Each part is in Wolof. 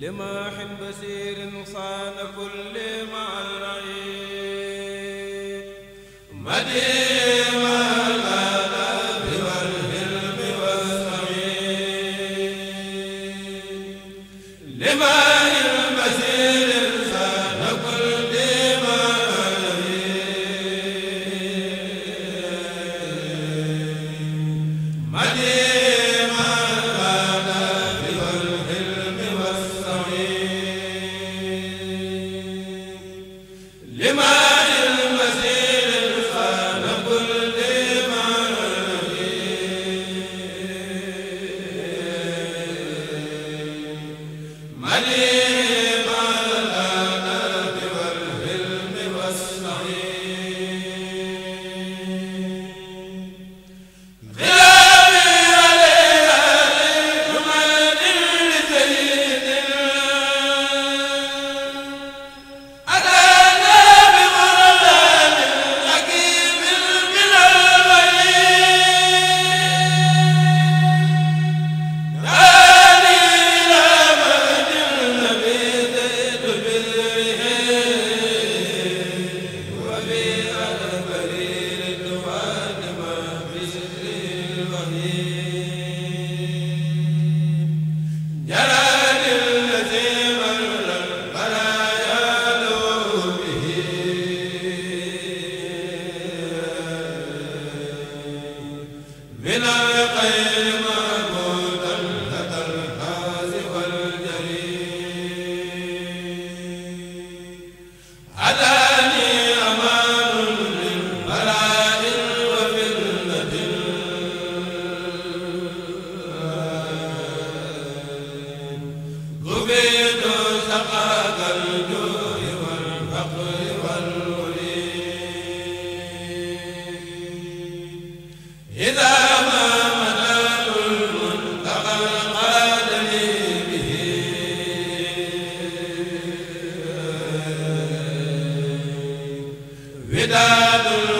لماح بصير صان كل مع الرعي مدين daa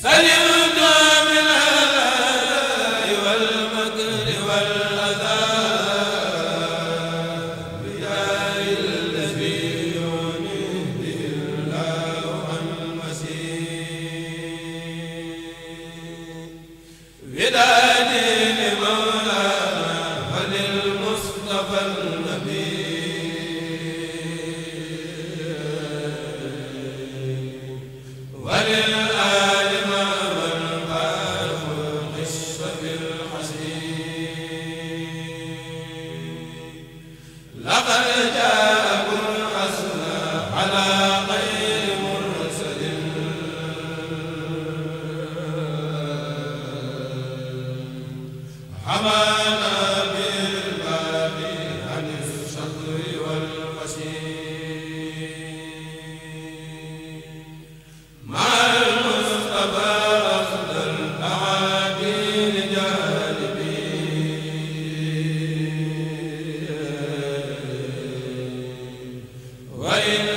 salim wa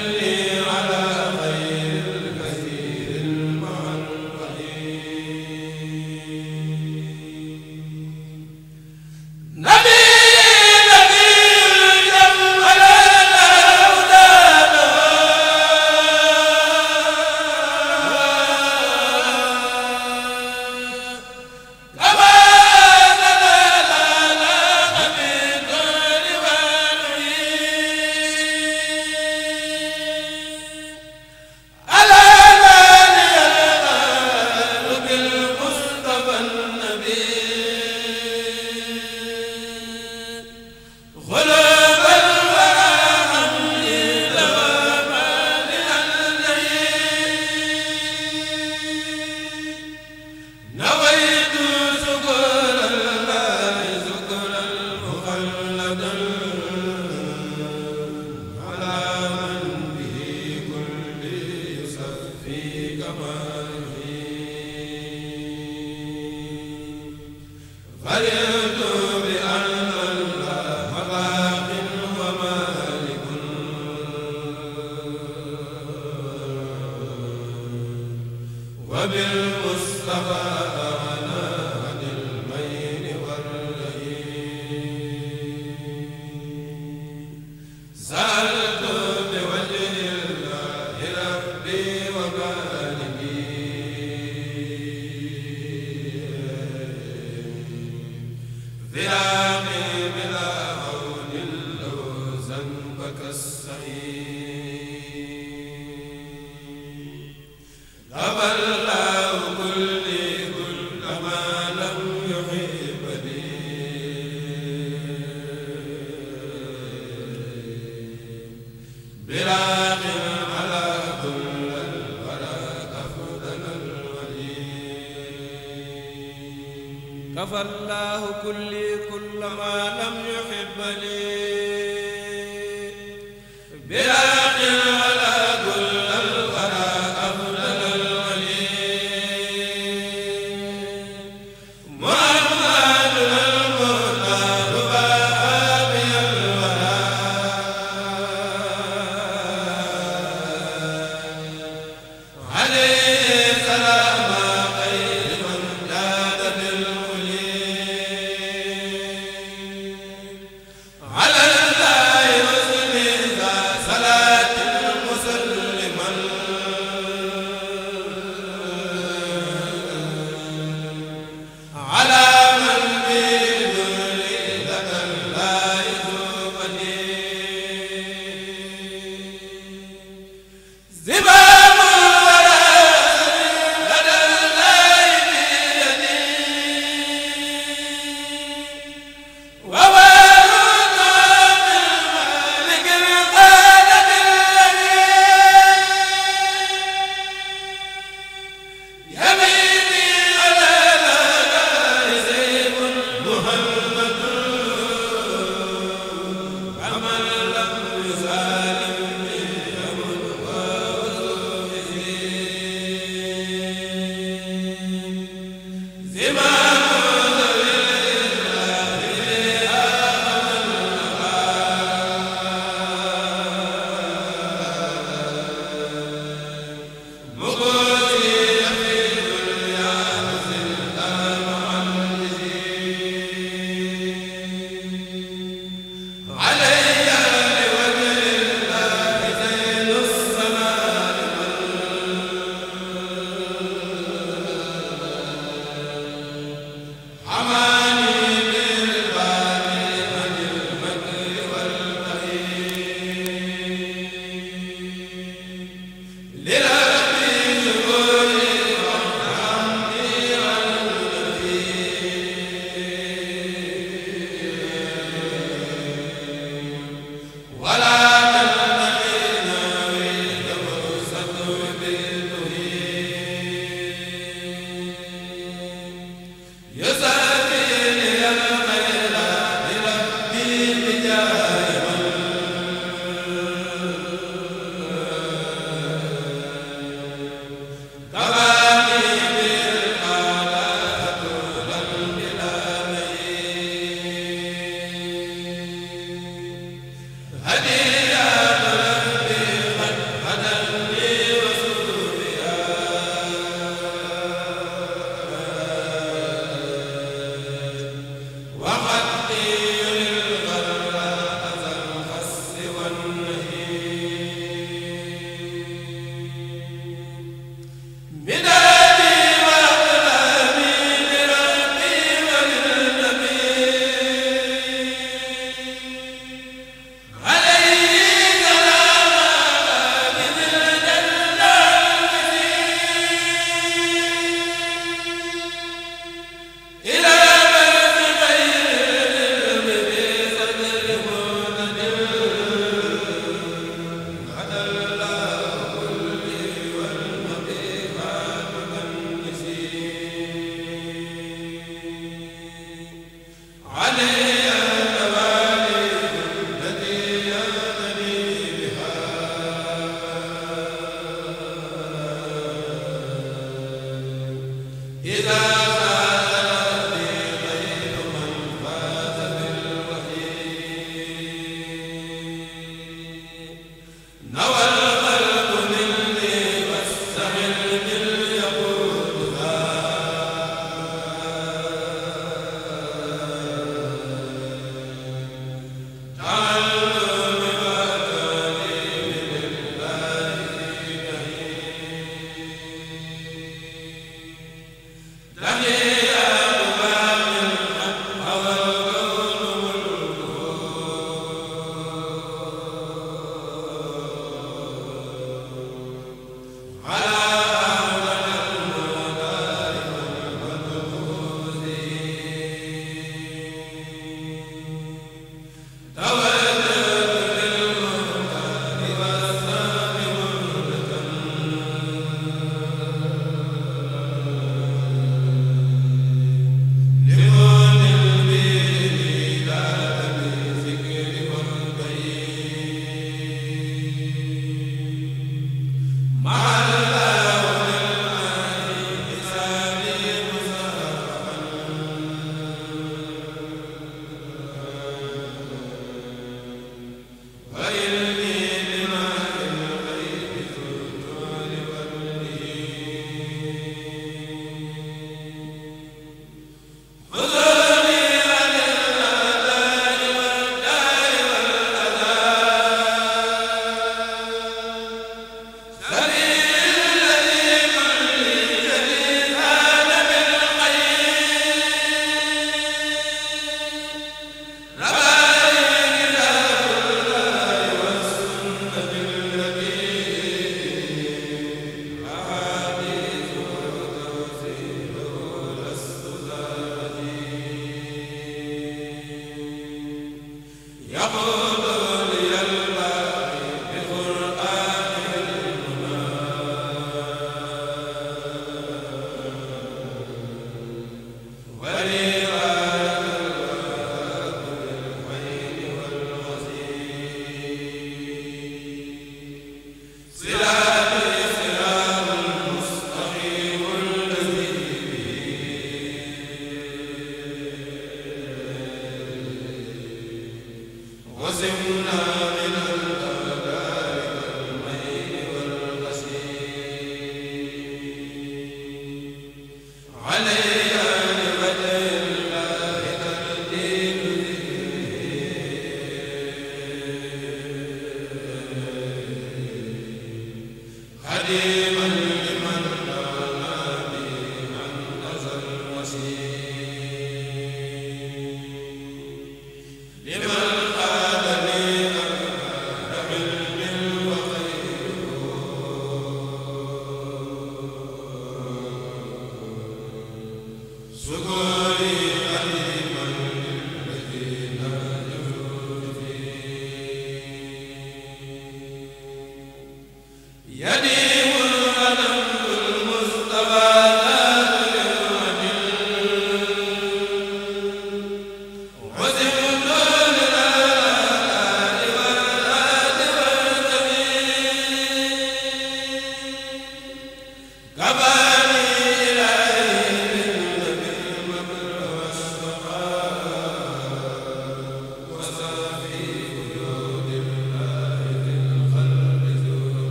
su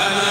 Amen.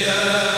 yaa